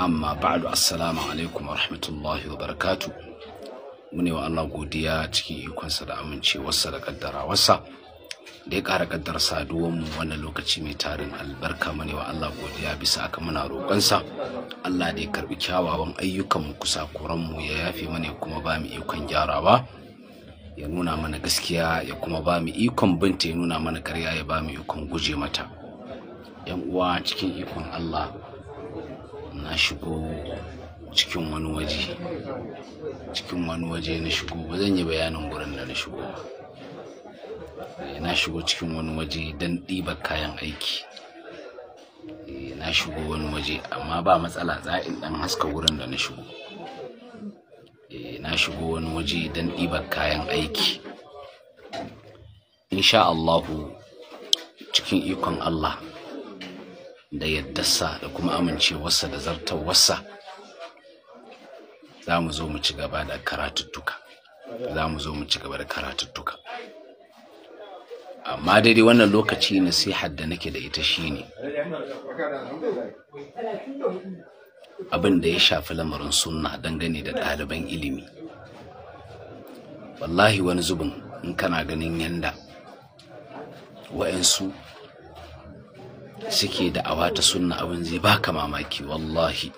amma ba'du assalamu alaikum wa rahmatullahi wa barakatu mune wa Allah godiya cikin ikonsa da amincewarsa da kaddarawarsa da ya ƙara kaddar saduwar mu wannan lokaci mai tarin albarka mune wa Allah godiya bisa aka muna roƙonsa Allah da ya karbi kyawawan ayyukan mu kusa kuran mu ya yafe mana kuma ba mu ikon gyarawa ya nuna mana gaskiya ya kuma ba mu ikon binta ya nuna mana karya ya ba mu ikon guje mata yan uwa cikin ikon Allah na shigo cikin wani waje cikin wani waje na shigo ba zan yi bayanin gurin da na shigo ba. Eh, na shigo cikin wani waje don ɗibar kayan aiki eh, na shigo wani waje amma ba matsala za in ɗan haska wurin da na shigo eh, na shigo wani waje don ɗibar kayan aiki insha Allahu cikin ikon Allah da yaddarsa da kuma amincewarsa da zartawarsa za mu zo mu ci gaba da karatuttuka za mu zo mu ci gaba da karatuttuka amma dai wannan lokaci nasihar da nake da ita shi ne. abin da ya shafi lamarin sunna dangane da ɗaliban ilimi wallahi wani zubin in kana ganin yanda wa'yansu suke da'awa ta sunna abin zai baka mamaki wallahi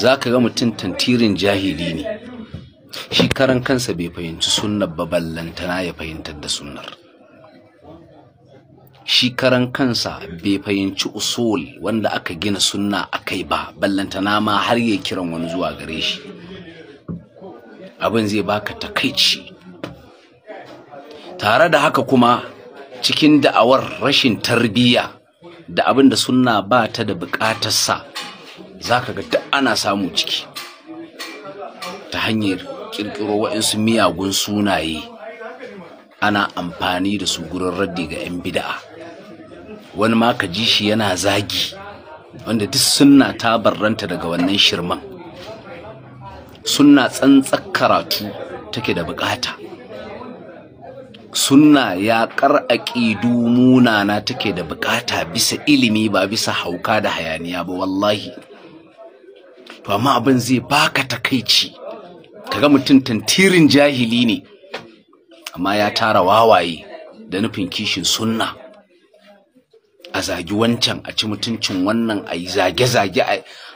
za ka ga mutum tantirin jahili ne shi karan kansa bai fahimci sunnar ba ballantana ya fahimtar da sunnar shi karan kansa bai fahimci usul wanda aka gina sunna a kai ba ballantana ma har ya kiran wani zuwa gare shi abin zai baka takaici tare da haka kuma cikin da'awar rashin tarbiyya da abin da suna ba ta da bukatarsa za ka ga duk ana samu ciki ta hanyar ƙirƙiro waɗansu miyagun sunaye ana amfani da su gurin raddi ga 'yan bida'a wani ma ka ji shi yana zagi wanda duk suna ta barranta daga wannan shirman suna tsantsar karatu take da bukata sunna ya yaƙar aƙidu munana take da buƙata bisa ilimi ba bisa hauka da hayaniya ba wallahi to amma abin zai baka takaici kaga mutum tantirin jahili ne amma ya tara wawaye da nufin kishin sunna a zagi wancan a ci mutuncin wannan a yi zage-zage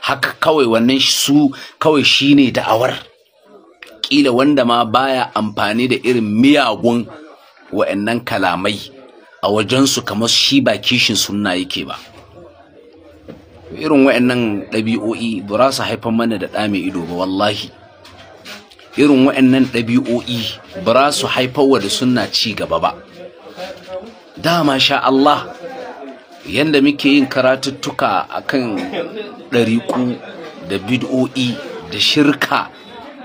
haka kawai wannan su kawai shine da'awar ƙila wanda ma baya amfani da irin miyagun wa'annan kalamai a wajensu kamar shi ba kishin sunna yake ba irin wa'annan ɗabi'o'i ba za su haifar mana da ɗa mai ido ba wallahi irin wa'annan ɗabi'o'i ba za su wa da sunna ci gaba ba dama sha Allah yadda muke yin karatuttuka akan ɗariƙu da bid'o'i da shirka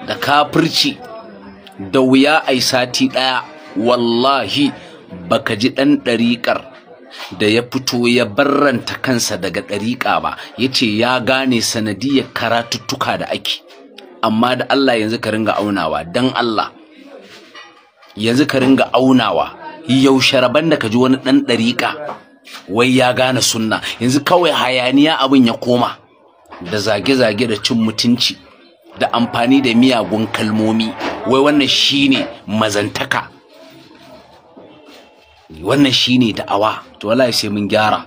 da kafirci da wuya ai sati ɗaya wallahi baka ji ɗan ɗariƙar da ya fito ya barranta kansa daga ɗariƙa ba ya ce ya gane sanadiyar karatuttuka da ake amma da Allah yanzu ka ringa aunawa don Allah yanzu ka ringa aunawa yaushe sharaban da ka ji wani ɗan ɗariƙa wai ya gane sunna yanzu kawai hayaniya abin ya koma da zage-zage da cin mutunci da amfani da miyagun kalmomi wai wannan shine mazantaka wannan shine da'awa to wallahi sai mun gyara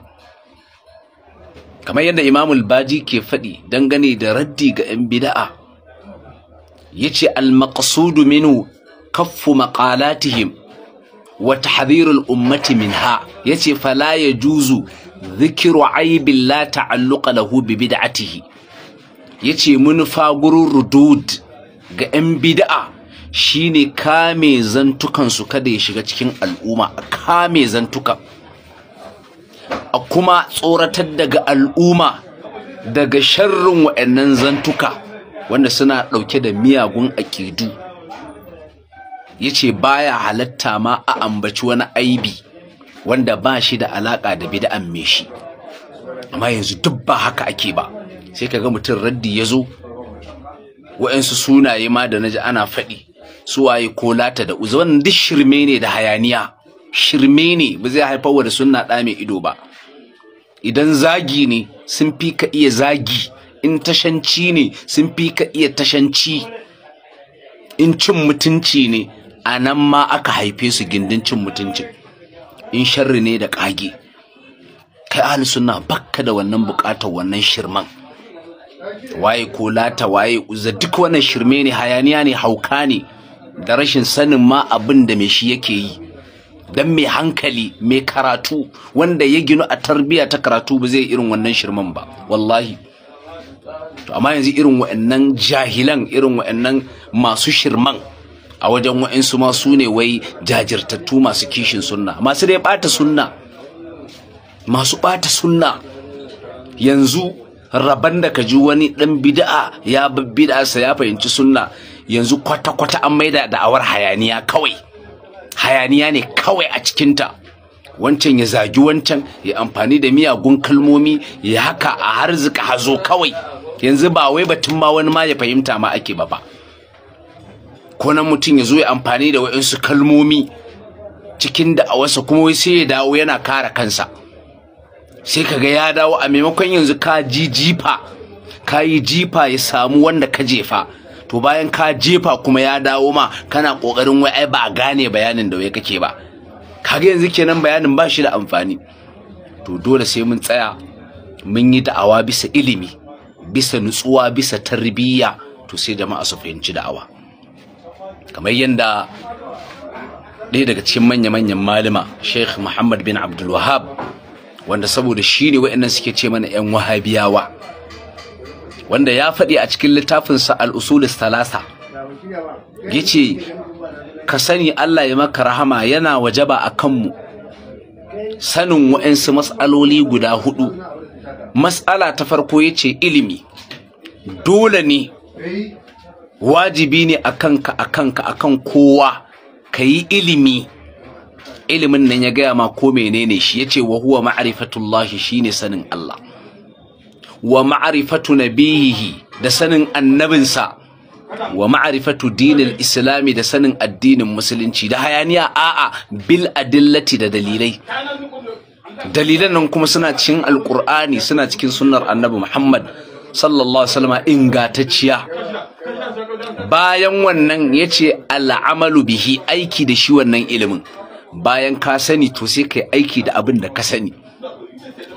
kamar yadda imamul baji ke faɗi dangane da raddi ga 'yan bida'a yace al-maqsudu minu kaffu maqalatihim wa tahdhirul ummati minha yace fala yajuzu dhikru aibin la ta'alluqa lahu bi bid'atihi yace munufa gurur rudud ga 'yan bida'a. shine kame zantukan su kada ya shiga cikin al'umma a kame zantuka a kuma tsoratar daga al'umma daga sharrin wa'annan zantuka wanda suna ɗauke da miyagun aƙidu yace baya halatta ma a ambaci wani aibi wanda ba shi da alaƙa da bid'an me shi amma yanzu duk ba haka ake ba sai kaga mutum raddi ya zo wa'ansu sunaye ma da naji ana faɗi Su waye ko lata da uzu wannan duk shirme ne da hayaniya shirme ne ba zai haifar da sunna da mai ido ba idan zagi ne sun fi ka iya zagi in tashanci ne sun fi ka iya tashanci in cin mutunci ne a nan ma aka haife su gindin cin mutuncin in sharri ne da ƙage kai ahli sunna bakka da wannan buƙatar wannan shirman waye ko waye uza duk wannan shirme ne hayaniya ne hauka ne da rashin sanin ma abin da me shi yake yi dan mai hankali mai karatu wanda ya ginu a tarbiya ta karatu ba zai irin wannan shirman ba wallahi to amma yanzu irin wa'annan jahilan irin wa'annan masu shirman a wajen wa'insu ma su ne wai jajirtattu masu kishin sunna masu dai bata sunna masu bata sunna yanzu raban da ka ji wani ɗan bid'a ya bid'a sa ya fahimci sunna yanzu kwata kwata an maida da'awar hayaniya kawai hayaniya ne kawai a cikinta wancan ya zagi wancan ya amfani da miyagun kalmomi ya haka a harzika hazo kawai yanzu ba wai batun ma wani ma ya fahimta ma ake ba ba ko nan mutum ya zo ya amfani da wayansu kalmomi cikin wasa kuma sai ya dawo yana kare kansa sai kaga ya dawo a maimakon yanzu ka ji jifa ka yi jifa ya samu wanda ka jefa to bayan ka jefa kuma ya dawo ma kana kokarin wai ai ba gane bayanin da wai kake ba kaga yanzu kenan bayanin ba shi da amfani to dole sai mun tsaya mun yi da'awa bisa ilimi bisa nutsuwa bisa tarbiyya to sai jama'a su fahimci da'awa kamar yadda ɗaya daga cikin manya-manyan malama sheikh muhammad bin abdul wahab wanda saboda shi ne wa'annan suke ce mana 'yan wahabiyawa wanda ya faɗi a cikin littafinsa al'usul talasa ya ce ka sani Allah ya maka rahama yana wajaba a kanmu sanin wa'ansu matsaloli guda hudu matsala ta farko ya ce ilimi dole ne wajibi ne a kanka a kanka a kan kowa ka yi ilimi ilimin nan ya gaya ma ko menene shi yace wa huwa ma'rifatullahi shine sanin Allah wa ma'rifatu nabihi da sanin annabinsa wa ma'rifatu dinil islami da sanin addinin musulunci da hayaniya a'a bil adillati da dalilai dalilan nan kuma suna cikin alqur'ani suna cikin sunnar annabi Muhammad sallallahu alaihi wasallam ingatacciya bayan wannan yace al'amalu bihi aiki da shi wannan ilimin bayan ka sani to sai kai aiki da abin da ka sani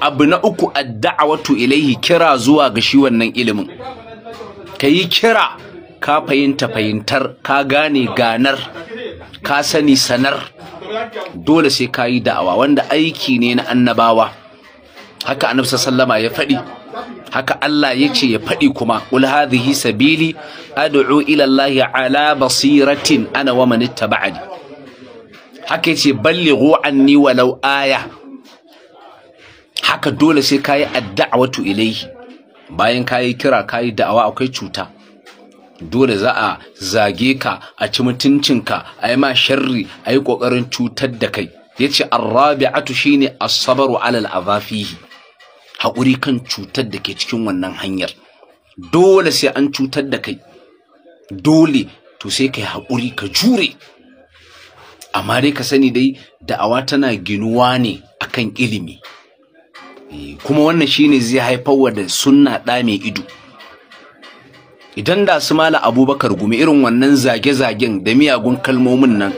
abu na uku adda'awatu ilaihi kira zuwa ga shi wannan ilimin ka kira ka fahimta fahimtar ka gane ganar ka sani sanar dole sai ka yi da'awa wanda aiki ne na annabawa haka annabi sallama ya faɗi haka Allah ya ce ya faɗi kuma qul hadhihi sabili ad'u ila allahi ala basiratin ana wa man ittaba'ani haka yace ballighu anni walau aya haka dole sai kayi addu'awatu ilaihi bayan kayi kira kayi da'awa akwai cuta dole za a zage ka a ci mutuncinka a yi ma sharri a yi ƙoƙarin cutar da kai ya ce ne shine wa alal zafihi haƙuri kan cutar da ke cikin wannan hanyar dole sai an cutar da kai dole to sai ka yi haƙuri ka jure amma dai ka sani dai da'awa tana ginuwa ne akan ilimi eh, kuma wannan shine zai haifar da sunna ɗa mai ido idan da su mala abubakar gumi irin wannan zage-zagen da miyagun kalmomin nan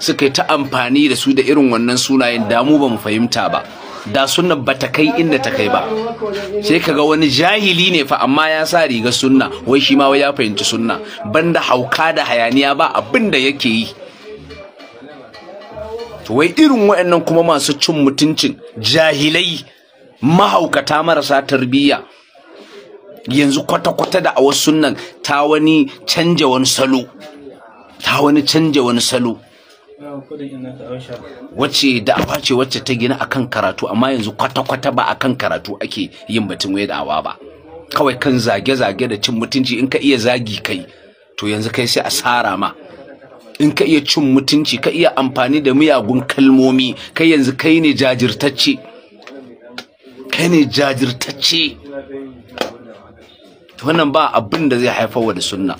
suka yi ta amfani da su da irin wannan sunayen damu ba mu fahimta ba da sunna ba ta kai inda ta kai ba sai kaga wani jahili ne fa amma ya sa riga sunna wai shi ma wai ya fahimci sunna banda hauka da hayaniya ba abin da yake yi to wai irin wa'annan kuma masu cin mutuncin jahilai mahaukata marasa tarbiyya yanzu kwata-kwata da a wasu nan ta wani canja wani salo ta wani canja wani salo wacce wacce ta gina akan karatu amma yanzu kwata-kwata ba kan karatu ake yin batun wai awa ba kawai kan zage-zage da cin mutunci in ka iya zagi kai to yanzu kai sai a sara ma in ka iya cin mutunci ka iya amfani da miyagun kalmomi kai yanzu kai ne jajirtacce kai ne jajirtacce wannan ba abin da zai wa da sunna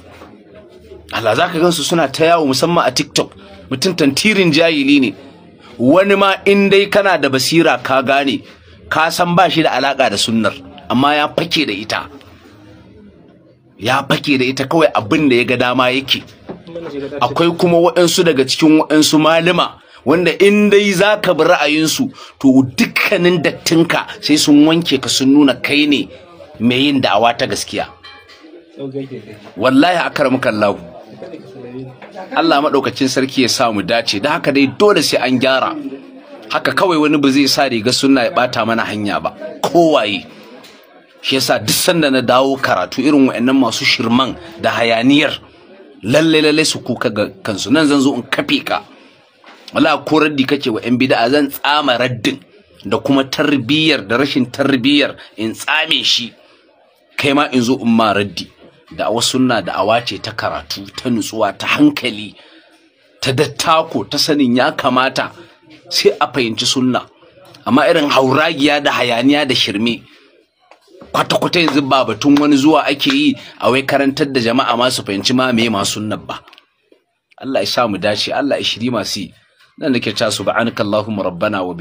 Allah za ka gansu suna ta yawo musamman a tiktok mutum tantirin jahili ne wani ma in dai kana da basira ka gane ka san ba shi da alaka da sunnar amma ya fake da ita ya fake da ita kawai abin da ya ga dama yake akwai kuma waɗansu daga cikin waɗansu malama wanda in dai za ka bi ra'ayinsu to dukkanin dattinka sai sun wanke ka sun nuna kai ne mai yin da'awa ta gaskiya wallahi akaramuka Allah Allah maɗaukacin sarki ya sa mu dace da haka dai dole sai an gyara haka kawai wani ba zai sa riga suna ya ɓata mana hanya ba kowaye shi yasa duk sanda na dawo karatu irin wa'annan masu shirman da hayaniyar lalle lalle su kuka ga kansu nan zan zo in kafe ka wala ko raddi kake wa yan bid'a zan tsama raddin da kuma tarbiyyar da rashin tarbiyyar in tsame shi kai ma in zo in ma raddi da awa sunna da awace ce ta karatu ta nutsuwa ta hankali ta dattako ta sanin ya kamata sai a fahimci sunna amma irin hauragiya da hayaniya da shirme kwata-kwata yanzu ba batun wani zuwa ake yi a wai karantar da jama'a masu fahimci ma me masu nan ba Allah ya sha mu dace Allah ya shiri masu yi nan da ke ta subhanakallahumma rabbana wa